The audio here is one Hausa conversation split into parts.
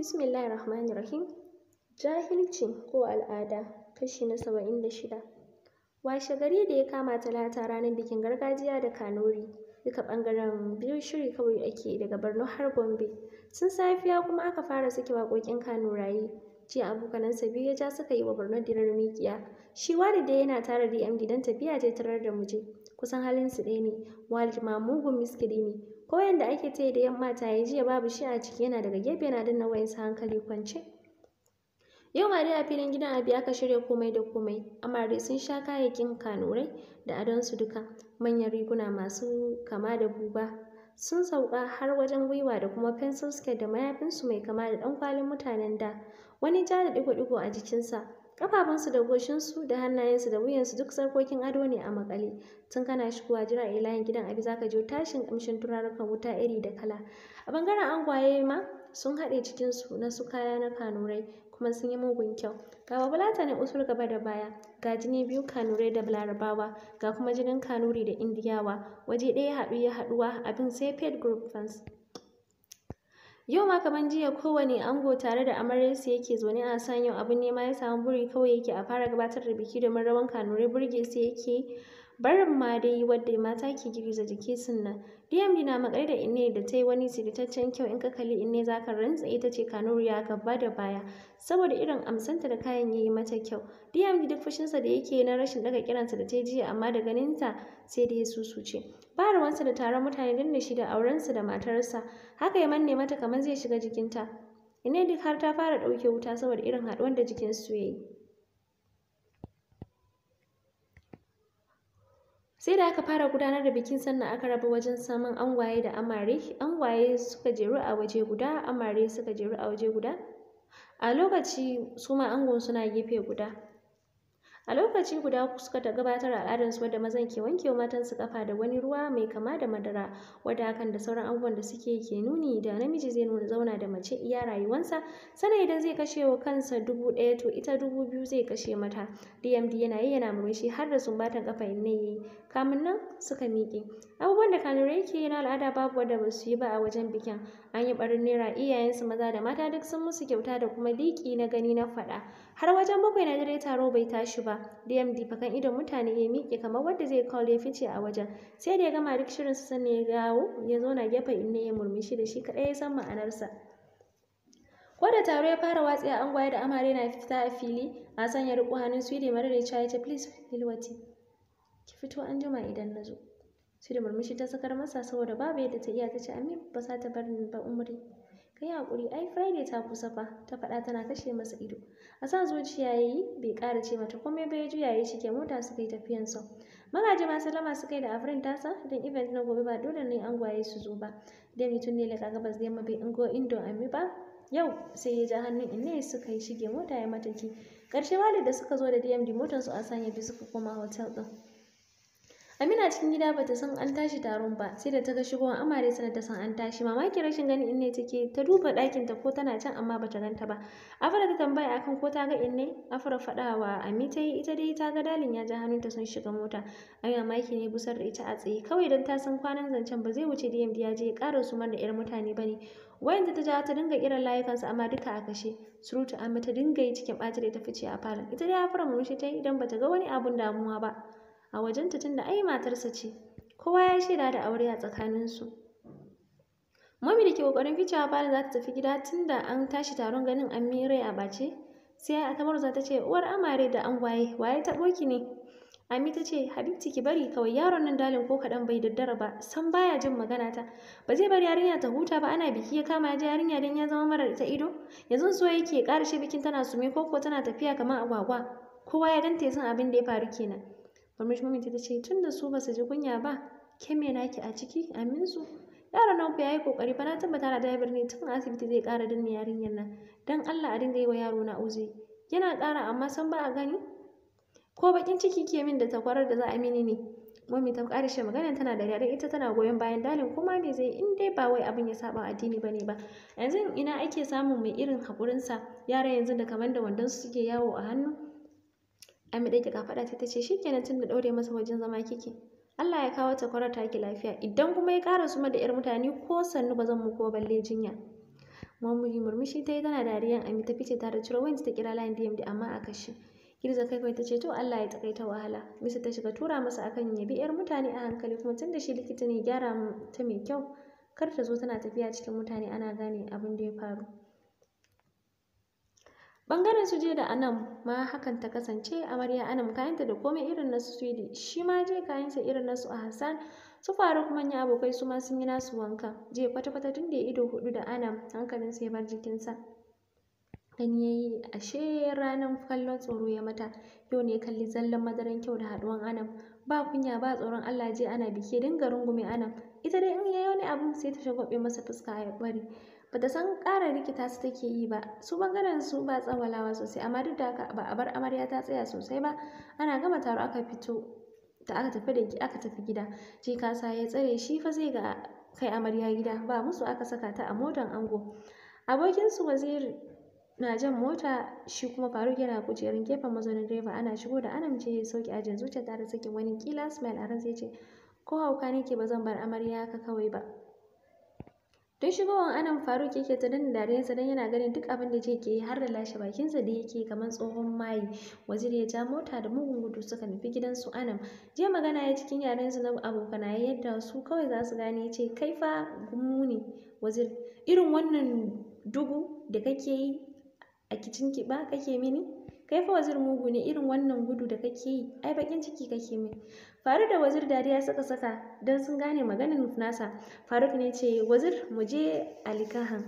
ar-rahman ar Rahim. Jahilci ko al'ada kashi na saba'in da shida. Washe gari da ya kama talata ranar bikin gargajiya da kanori duka ɓangaren biyu shiri kawai ake daga Borno har Gombe. Sun safiya kuma aka fara sake waƙoƙin kanoraye. Jiya abokanansa biyu ya ja suka yi wa Borno dinar mikiya. Shi Walid dai yana tara DM gidan tafiya ta tarar da muje. Kusan halin su ɗaya ne. Walid ma mugun ne. ko yanda ake ce da yamma ta yi jiya babu shi a ciki yana daga gefe yana danna wayansa hankali kwance yau ma dai a filin gidan abi aka shirya komai da komai dai sun sha kayayyakin kanurai da adon su duka manyan riguna masu kama da buba sun sauka har wajen gwiwa da kuma pencil skirt da mayafinsu mai kama da ɗan kwalin mutanen da wani ja da digo-digo a jikinsa Ƙafafunsu da goshinsu da hannayensu da wuyansu duk sarkokin ado ne a makale. Tun kana shigowa jira a layin gidan abi zaka je tashin kamshin turarukan wuta iri da kala. A bangaren angwaye ma sun haɗe cikinsu na su kaya na kanurai kuma sun yi mugun kyau. Ga babulata ne usul gaba da baya, ga jini biyu kanurai da balarabawa ga kuma jinin kanuri da indiyawa, waje ɗaya haɗu ya haɗuwa abin sai paid group fans. Yau ma kamar jiya kowane ango tare da amaryarsa yake zaune a san yau abin nema ya samu buri kawai yake a fara gabatar da biki domin rawan kanurai burge su yake barin ma dai wadda mata ke girgiza jiki nan. diyam na makare da inne da ta yi wani siritaccen kyau in ka kalli inne za ka rantsa ita ce kanuriya gaba da baya saboda irin amsanta da kayan ya yi mata kyau diyam duk sa da yake na rashin daga kiransa da ta ji jiya amma da ganinta sai dai ya susuce ba ruwansa da taron mutane don da shi da aurensa da matarsa haka ya manne mata kamar zai shiga jikinta inne duk har ta fara ɗauke wuta saboda irin haɗuwar da jikinsu ya yi sai da aka fara gudanar da bikin sannan aka raba wajen saman angwaye da amare angwaye suka jeru a waje guda amare suka jeru a waje guda a lokaci suma ma angon suna gefe guda a lokaci guda suka ta gabatar al'adarsu wadda mazan ke wanke wa su kafa da wani ruwa mai kama da madara wadda hakan da sauran abubuwan da suke ke nuni da namiji zai nuna zauna da mace iya rayuwansa sannan idan zai kashe wa kansa dubu ɗaya to ita dubu biyu zai kashe mata dmd yana yi yana murmushi har da sumbatan kafa in ne yayi kamun nan suka miƙe abubuwan da kanure yake yi na al'ada babu wadda ba su yi ba a wajen bikin an yi barin naira iyayensu maza da mata duk sun musu kyauta da kuma liƙi na gani na faɗa har wajen bakwai na dare taro bai tashi ba dmd fakan idon mutane ya miƙe kamar wanda zai call ya fice a wajen sai da ya gama duk shirin su sannan ya gawo ya zauna gefen inna ya murmushi da shi kaɗai ya san ma'anarsa ko da taro ya fara watsi a angwaye da amare na fita a fili a sanya riƙo hannun su da mara da ya ce please hilwati ki fito an jima idan na zo su da murmushi ta sakar masa saboda babu yadda ta iya ta ce amin ba za ta bar ni ba umri ka yi ai friday ta kusa fa ta faɗa tana kashe masa ido a sa zuciya yi bai ƙara ce mata komai bai juya ya shige mota suka yi tafiyan sau magaji ma salama suka yi da afirin tasa don event na gobe ba dole ne an gwaye su zo ba dai mutum ne laka gabas da yamma bai ingo indo ami ba yau sai ya ja hannun inne suka yi shige mota ya mataki ƙarshe walid da suka zo da dmd motar su a sanya bi suka koma hotel ɗin Amina cikin gida ba ta san an tashi taron ba sai da ta ga shigowar amare sanar ta san an tashi mamaki rashin ganin inne take ta duba ɗakin ta ko tana can amma ba bata ganta ba Afra ta tambaya akan ko ta ga inne Afra faɗa wa Ami ta yi ita dai ta ga dalin ya ja hannunta sun shiga mota Ai mamaki ne busar da ita a tsaye kawai don ta san kwanan zancen ba zai wuce DMD ya je ya ƙara su da 'yar mutane ba wayan da ta jawo ta dinga kiran layukansu amma duka a kashe surutu amma ta dinga yi cikin ɓata da ta fice a falon ita dai Afra murmushi ta yi idan ta ga wani abun damuwa ba a wajenta tunda ai matarsa ce kowa ya shaida da aure a tsakaninsu mami da ke kokarin ficewa fara za ta tafi gida tun da an tashi taron ganin amirai a bace sai a za ta ce uwar amare da angwaye waye ta ki ne Ami ta ce, Habibti ki bari kawai yaron nan dalin ko kaɗan bai daddara ba, san baya jin magana ta. Ba zai bar yarinya ta huta ba ana biki ya kama ya yarinya dan ya zama marar ta ido. Yanzu so yake ƙarashe bikin tana sume ko kuwa tana tafiya kamar agwagwa. Kowa ya dante san abin da ya faru kenan. Murmushi maminta ta ce tun da su ba su ji kunya ba ke me naki a ciki aminsu. yaro na ku yi kokari fa na tabbata na dai birni tun asibiti zai kara danne yarinyar nan dan Allah a dinga yi wa yaro na uzi. Yana kara amma san ba a gani ko bakin ciki ke min da takwarar da za a mini ne. Mami ta shi maganar tana da dare ita tana goyon bayan dalin kuma me zai in dai ba wai abin ya saba addini ba ne ba. Yanzu ina ake samun mai irin sa yara yanzu da kamar da wandon suke yawo a hannu. Ami ga faɗa ta ce shikenan tunda da ɗaure masa wajen zama kike. Allah ya kawo ta ta taki lafiya idan kuma ya ƙara suma da 'yar mutane ko sannu ba zan muku balle jinya. Mamuri murmushi ta yi tana dariyan Ami ta fice tare ciro wayanta ta kira layin DMD amma a kashe. Girza kai kai ta to Allah ya takaita wahala. Bisa ta shiga tura masa akan ya bi 'yar mutane a hankali kuma tun shi likita ne gyara ta mai kyau. Kar ta zo tana tafiya cikin mutane ana gane abin da ya faru. Bangaren su je da Anam ma hakan ta kasance amarya Anam kayanta da komai irin na su Shima shi ma je kayansa irin nasu a Hassan su faru kuma manya abokai su ma sun yi nasu wanka je kwata-kwata tun da ya ido hudu da Anam hankalin ya bar jikinsa. Gani ya yi ashe ranar kallon tsoro ya mata yau ne kalli zallan madaran kyau da haduwan Anam ba kunya ba tsoron Allah je ana bike dinga rungume Anam ita dai in yayi wani abu sai ta shagwabe masa fuska ya bari ba ta san ƙara rikita su take yi ba su bangaren su ba tsawalawa sosai amma duk da haka ba a bar amarya ta tsaya sosai ba ana gama taro aka fito da aka tafi da aka tafi gida jikasa ya tsare shi fa zai ga kai amarya gida ba musu aka saka ta a motan ango abokinsu waziri na jan mota shi kuma faruk yana kujerun gefen mazaunin direba ana shigo da amince ya sauke ajin zuciya tare da sakin wani kila smile a ransa ya ce ko hauka nake ba zan bar amarya haka kawai ba Don shigowar anan Faruk yake ta dariyar dariyarsa don yana ganin duk abin da ke yi har da lashe bakinsa da yake kamar tsohon mayi. Waziri ya ja mota da mugun gudu suka nufi gidan su anan Je magana ya cikin su na abokana yadda su kawai za su gane ce kai fa gumu ne wazir Irin wannan dugu da kake yi a kicin ba kake mini? Kai fa wazir mugu ne irin wannan gudu da kake yi ai bakin ciki kake mini. faruk da wazir dariya suka saka don sun gane maganin nasa faruk ne ce wazir mu je alikahan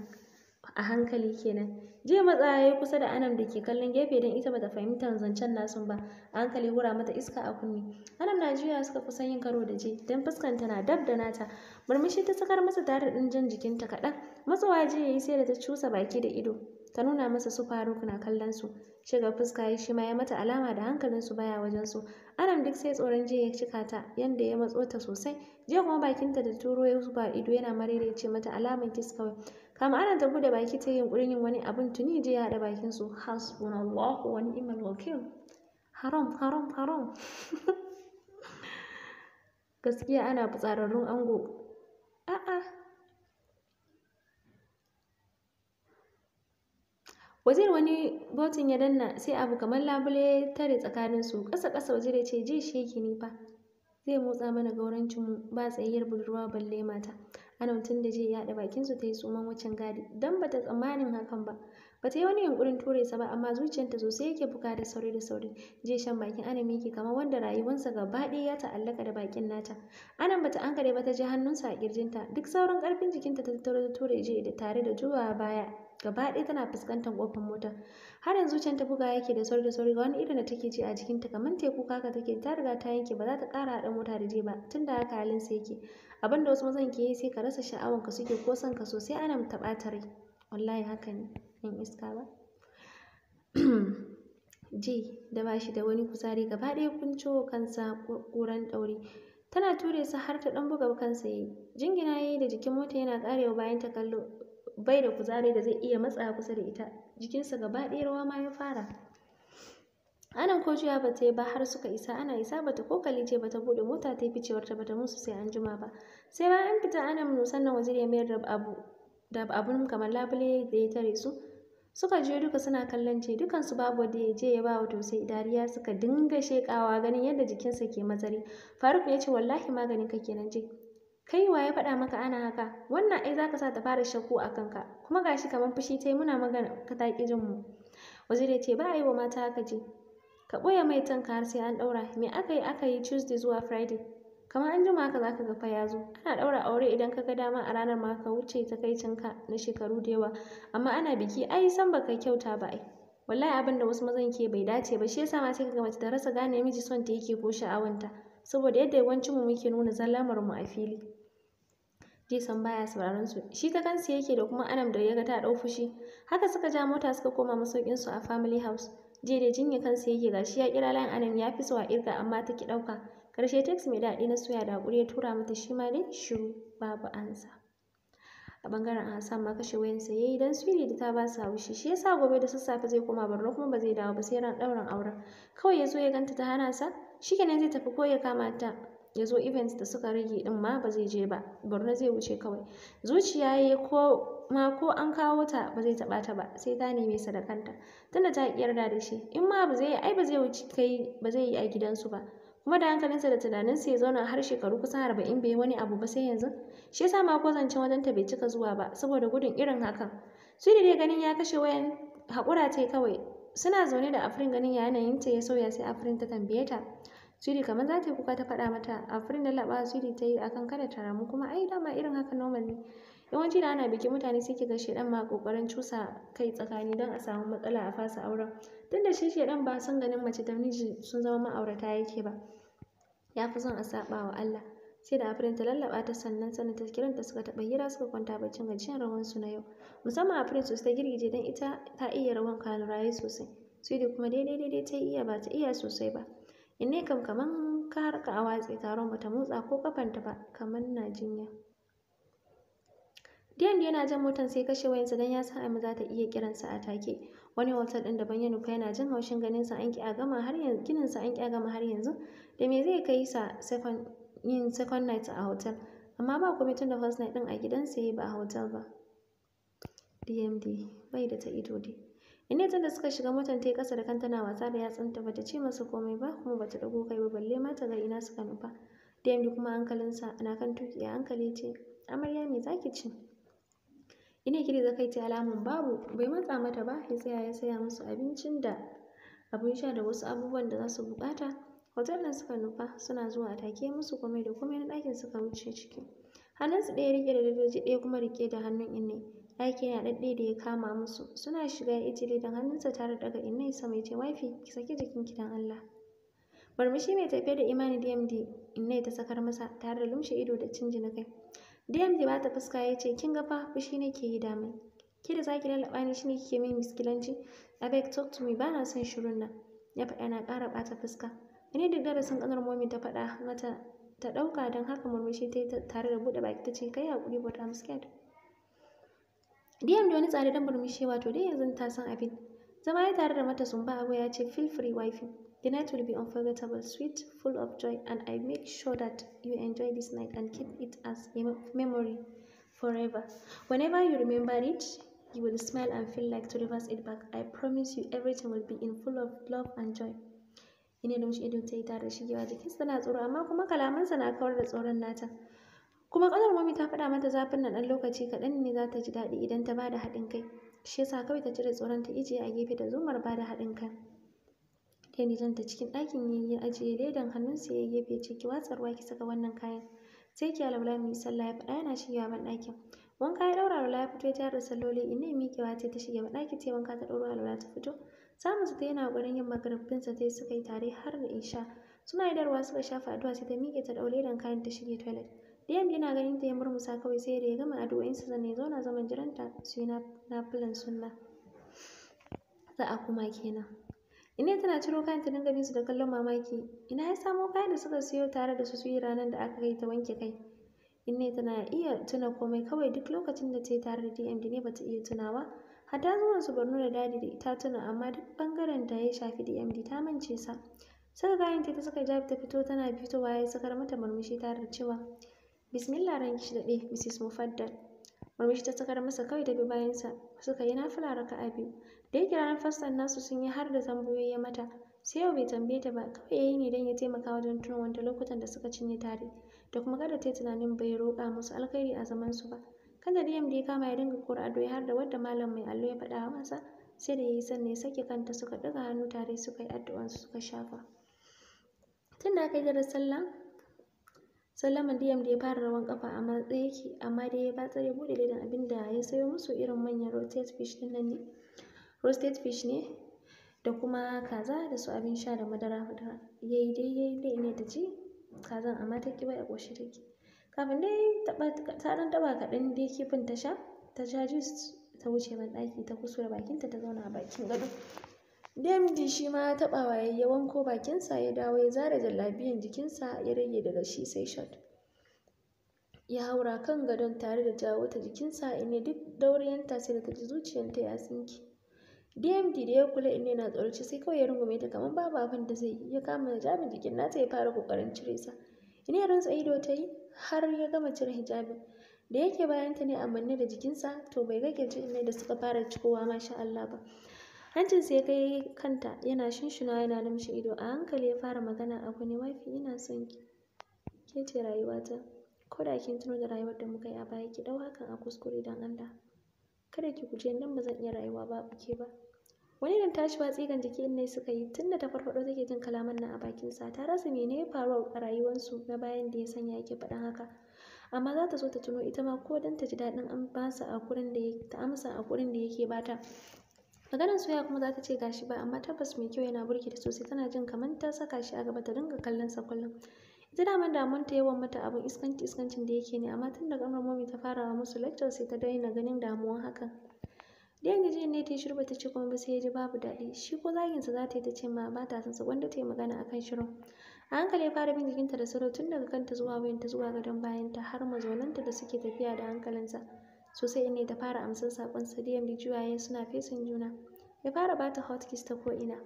a hankali kenan jiya matsa ya kusa da anam da ke kallon gefe don ita bata fahimta zancen nasun ba a hankali hura mata iska a kunne anam na juya suka kusan yin karo da je don fuskanta na dab da nata murmushi ta sakar masa tare da jan jikinta kaɗan matsawa jiya ya yi sai da ta cusa baki da ido ta nuna masa su faruk na kallon su shiga fuska ya shi ma ya mata alama da hankalin su baya wajen su anam duk sai tsoron jiya ya cika ta yanda ya matso ta sosai jiya kuma bakinta da turo ya zuba ido yana ce mata alaman kis kawai kama ana ta bude baki ta kurin yin wani abun tuni jiya ya haɗa bakin su hasbunallahu wa ni'mal wakil haram haram haram gaskiya ana fitsararrun ango a'a Wazir wani botin ya danna sai abu kamar labule ya tare su kasa-kasa ƙasa wazir ya ce ji sheki ni fa zai motsa mana mu ba tsayayyar budurwa balle mata. Anan tun da je ya haɗa su ta yi tsuman wucin gadi don bata tsammanin hakan ba. Bata yi wani yunkurin ture sa ba amma zuciyarta sosai yake buga da sauri da sauri. Je shan bakin ana miki kamar wanda rayuwarsa gaba ɗaya ya ta'allaka da bakin nata. Anan bata ankare ba ta ji hannunsa a ƙirjinta duk sauran karfin jikinta ta tattaro ta ture je da tare da juwa baya gaba ɗaya tana fuskantar kofar mota har yanzu can ta buga yake da sauri da sauri ga wani irin da take ji a jikin ta kamar teku kaka take ta riga ta yanke ba za ta ƙara haɗa mota da je ba tun da haka halin sa yake abin da wasu mazan ke yi sai ka rasa sha'awanka suke ko son ka sosai ana ta ɓata rai wallahi haka ne in iska ba ji da ba shi da wani kuzari gaba ɗaya kun ciwo kansa ƙuran ɗauri tana ture sa har ta ɗan buga kansa yi jingina yayi da jikin mota yana ƙarewa bayan ta kallo bai da kuzari da zai iya matsa kusa da ita jikinsa gaba ɗaya rawa ma ya fara anan ko juya ba ta ba har suka isa ana isa bata kokali ce ba ta buɗe mota ta yi ficewar ta bata musu sai an jima ba sai bayan fita anan sannan waziri ya mayar da abu da abun kamar labule da ya tare su suka je duka suna kallon ce dukansu babu wanda ya je ya ba wa tausayi dariya suka dinga shekawa ganin yadda jikinsa ke mazari. faruk ya ce wallahi maganin ka kenan je kai wa ya faɗa maka ana haka wannan ai zaka sa ta fara shakku a kanka kuma gashi kamar fushi yi, muna magana ka taƙi jin mu waziri ce ba a yi wa mata haka je. ka ɓoye mai tanka har sai an ɗaura me aka yi aka yi tuesday zuwa friday kamar an jima haka zaka ga fa ya zo ana ɗaura aure idan ka ga dama a ranar ma ka wuce takaicinka na shekaru da yawa amma ana biki ai san baka kyauta ba ai wallahi abin da wasu mazan ke bai dace ba shi yasa ma sai ga mace ta rasa gane miji son ta yake ko sha'awanta saboda yadda yawancin mu muke nuna zallamar mu a fili ji san baya sauraron su shi ta kansu yake da kuma anam da ya ga ta dau fushi haka suka ja mota suka koma masaukin su a family house je da jinya kansa yake gashi ya kira layin anam ya fi zuwa irga amma ta ki dauka karshe text mai daɗi na soya da hakuri ya tura mata shi ma dai shiru babu ansa a bangaren Hassan ma kashe wayan sa yayi dan Siri da ta ba sa haushi shi yasa gobe da sassafe zai koma barno kuma ba zai dawo ba sai ran dauran auren kawai ya zo ya ganta ta hana sa shikenan zai tafi ko ya kama ta ya zo events da suka rage din ma ba zai je ba borno zai wuce kawai zuciya ya ko ma ko an kawo ta ba zai taɓa ta ba sai ta neme sadakanta tunda ta yarda da shi in ma ba zai ai ba zai wuce kai ba zai yi a gidansu ba kuma da hankalinsa da tunaninsa ya zauna har shekaru kusan arba'in bai wani abu ba sai yanzu shi yasa ma ko zance wajen ta bai cika zuwa ba saboda gudun irin hakan su da dai ganin ya kashe wayan haƙura ta kawai suna zaune da afirin ganin yanayin yanayinta ya sauya sai afirin ta tambaye ta Siri kamar za ta yi kuka ta faɗa mata afirin lallaɓa Siri ta yi akan kada ta ramu kuma ai dama irin haka normal ne. Yawanci da ana bikin mutane sai ki ga ma kokarin cusa kai tsakani don a samu matsala a fasa auren. Tunda shi shedan ba son ganin mace da miji sun zama ma'aurata yake ba. Ya fi son a saɓa wa Allah. sai da afirin ta lallaba ta sannan sannan ta kiranta suka taɓa hira suka kwanta baccin gajiyar rawan su na yau musamman afirin su ta girgije don ita ta iya rawan raye sosai sai dai kuma daidai daidai ta iya ba ta iya sosai ba inne kam kaman ka harka a watse taron bata motsa ko kafanta ba kaman na jinya Diyan yana jan motan sai kashe wayansa don ya san amin za ta iya sa a take. Wani hotel ɗin da ya nufa yana jin haushin ganin sa an a gama har yanzu ginin sa an ƙi a gama har yanzu. Da me zai kai sa second yin second night a hotel amma ba komai tun da first night ɗin a gidansa yayi ba a hotel ba. DMD bai da ta ido dai. in tun da suka shiga motar ta yi ƙasa da kan tana wasa da ta bata ce masa komai ba kuma bata ɗago kai ba balle ma ta ga ina suka nufa. DMD kuma sa na kan tuki a hankali ce amarya me zaki ci? Ina kiri za kai ta alamun babu bai matsa mata ba ya tsaya ya saya musu abincin da abin sha da wasu abubuwan da za su buƙata. Hotel nan suka nufa suna zuwa a take musu komai da komai na ɗakin suka wuce ciki. Hannunsu ɗaya riƙe da dadoji ɗaya kuma riƙe da hannun inne. ɗaki yana ɗaɗɗe da ya kama musu suna shiga ya da hannunsa tare daga inna ya mai ce wifi ki saki jikin kidan Allah murmushi mai tafiya da imani DMD inna ta sakar masa tare da lumshe ido da cinji na kai DMD ba ta fuska ya ce kin ga fa fushi ke yi da mai ki da zaki lalaba ni shine kike min miskilanci abeg talk to me bana son shirun nan ya faɗa yana ƙara ɓata fuska Ni duk darasin ƙanar momi ta faɗa mata ta ɗauka don haka murmushi ta yi tare da buɗe baki ta ce kai haƙuri but I'm scared Diyam da wani don murmushi wato dai yanzu ta san abin. Zama ya tare da mata sumba abu ya ce feel free wifey. The night will be unforgettable, sweet, full of joy and I make sure that you enjoy this night and keep it as a memory forever. Whenever you remember it, you will smile and feel like to reverse it back. I promise you everything will be in full of love and joy. Ina da mushi idon ta yi tare da shigewa jikinsa na tsoro amma kuma kalamansa na kawar da tsoron nata. kuma ƙanar mami ta faɗa mata zafin na ɗan lokaci kaɗan ne zata ji daɗi idan ta bada haɗin kai shi yasa kawai ta cire tsoron ta ijiye a gefe da zumar bada haɗin kai Kenny ta cikin ɗakin yayi ya ajiye ledan hannunsa ya gefe ce ki ruwa ki saka wannan kayan sai ki alaula mu sallah ya faɗa yana shigewa ban ɗakin wanka ya ɗaura alwala ya fito ya tayar da salloli inna ya miƙewa ta ta shige ban ɗaki wanka ta ɗaura alwala ta fito samun su ta yana ƙoƙarin yin magarabinsa sai suka yi tare har da isha suna darwa suka shafa addu'a sai ta miƙe ta ɗau ledan kayan ta shige toilet Diyam yana ganin ta ya murmusa kawai sai da ya gama addu'o'insa zan ya zauna zaman jiranta su yi nafilan sunna. Za a kuma kenan. Ine tana ciro kayan ta dinga bin su da kallon mamaki. Ina ya samo kayan da suka siyo tare da su su yi ranar da aka kai ta wanke kai. Ina tana iya tuna komai kawai duk lokacin da ta yi tare da DMD ne ba ta iya tunawa. Hatta zuwan su Borno da Dadi da ita tuna amma duk bangaren da ya shafi DMD ta mance sa. Saka kayan ta suka jabi ta fito tana fitowa ya sakar mata murmushi tare da cewa bismillah ran shi daɗe mrs mufaddal murmushi ta tsakar masa kawai da bi bayansa suka yi nafila a biyu da yake ranar fastan nasu sun yi har da tambayoyi ya mata sai yau bai tambaye ta ba kawai ya yi ne don ya taimaka wajen tuna wanda lokutan da suka cinye tare da kuma kada ta yi tunanin bai roƙa musu alkhairi a zaman su ba kada Riyam da ya kama ya dinga kora doyi har da wadda malam mai allo ya faɗa masa sai da ya yi sannan ya sake kanta suka ɗaga hannu tare suka yi addu'an suka shafa tun da aka yi darasin sallah Sallaman DM da ya fara rawan kafa a matse yake amma dai ya batsa ya bude ledan abin da ya sayo musu irin manyan roasted fish din nan ne. Roasted fish ne da kuma kaza da su abin sha da madara madara. Yayi dai yayi dai ne ta ci kazan amma ta ki bai a koshi take. Kafin dai ta ɗan taba kaɗan dai kifin ta sha ta sha juice ta wuce ban ɗaki ta kusura bakinta ta zauna a bakin gado. DMD shi ma ya taɓa wa ya wanko bakinsa ya dawo ya zare jallabiyan jikinsa ya rage daga shi sai shot. Ya haura kan gadon tare da jawo ta jikinsa ine duk dauriyanta sai da ta ji zuciyanta ya tsinke. DMD da ya kula ine na tsorci sai kawai ya rungume ta kamar babu abin da zai ya kama hijabin jikin nata ya fara kokarin cire sa. Ine rantsa ido ta yi har ya gama cire hijabin. Da yake bayanta ne a manne da jikinsa to bai gage kirjin ne da suka fara cikowa masha Allah ba. hancin ya kai kanta yana shinshina yana namshi ido a hankali ya fara magana abu ne mafi ina son ki ke ce rayuwata ko da kin tuno da rayuwar da muka yi a baya ki dau hakan a kuskure don Allah kada ki guje nan ba zan iya rayuwa ba ke ba wani irin tashi tsigan jiki ne suka yi tun da ta farfado take jin kalaman nan a bakin sa ta rasa mene ya faru a rayuwarsu na bayan da ya sanya yake faɗan haka amma za ta so ta tuno ita ma ko dan ta ji daɗin an su a da ta amsa a kurin da yake bata maganar soya kuma za ta ce gashi ba amma tabbas mai kyau yana burki da sosai tana jin kamar ta saka shi a gaba ta dinga kallon sa kullum ita daman damuwar ta yawan mata abun iskanci iskancin da yake ne amma tun da kamar mami ta fara wa musu lecture sai ta daina ganin damuwan hakan da yanzu jin ne ta shiru bata ce kuma ba sai ya ji babu daɗi shi ko zaginsa za ta yi ta ce ma ba ta san sa wanda ta yi magana akan shirin a hankali ya fara bin jikinta da salo tun daga kanta zuwa wayanta zuwa gadon bayan bayanta har mazaunanta da suke tafiya da hankalinsa sosai inda ta fara amsar sakon sa DM da juyaye suna fesin juna ya fara bata hot kiss ta ko'ina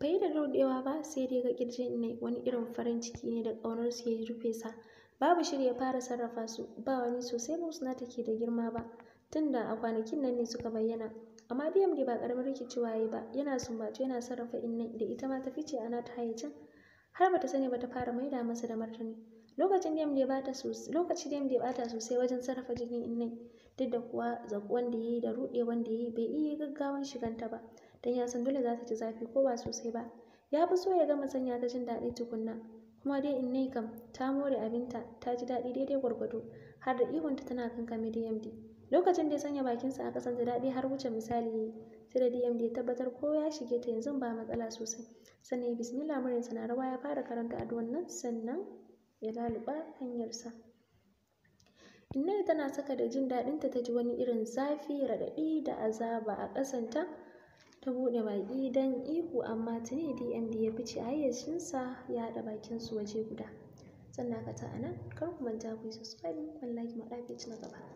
bai da rudewa ba sai dai ga kirjin ne wani irin farin ciki ne da ƙaunar su ya rufe sa babu ya fara sarrafa su ba wani sosai suna take da girma ba tunda a kwanakin nan ne suka bayyana amma DM ba karamin rikicewa yayi ba yana sumbace yana sarrafa inna da ita ma ta fice ana ta hayyacin har bata sani ba ta fara maida masa da martani lokacin da ya bata sosai lokaci da ya bata sosai wajen sarrafa jikin innai duk da kuwa zakuwan da yayi da rude wanda yayi bai iya gaggawan shiganta ba dan ya san dole za ta ci zafi ko ba sosai ba ya fi so ya gama sanya ta jin daɗi tukunna kuma dai innai kam ta more abinta ta ji daɗi daidai gwargwado har da ihunta tana kankame DMD lokacin da ya sanya bakinsa a kasan da daɗi har wuce misali yayi sai da DMD ya tabbatar ko ya shige ta yanzu ba matsala sosai sannan bismillah muryarsa na rawa ya fara karanta addu'an nan sannan ya laluba hanyarsa innai tana saka da jin daɗinta ta ji wani irin zafi raɗaɗi da azaba a ƙasanta ta buɗe baƙi don ihu amma tuni dmd ya fice hayyacinsa ya haɗa bakinsu waje guda sannan ka ta anan kar ku manta ku yi subscribe wallahi ma na gaba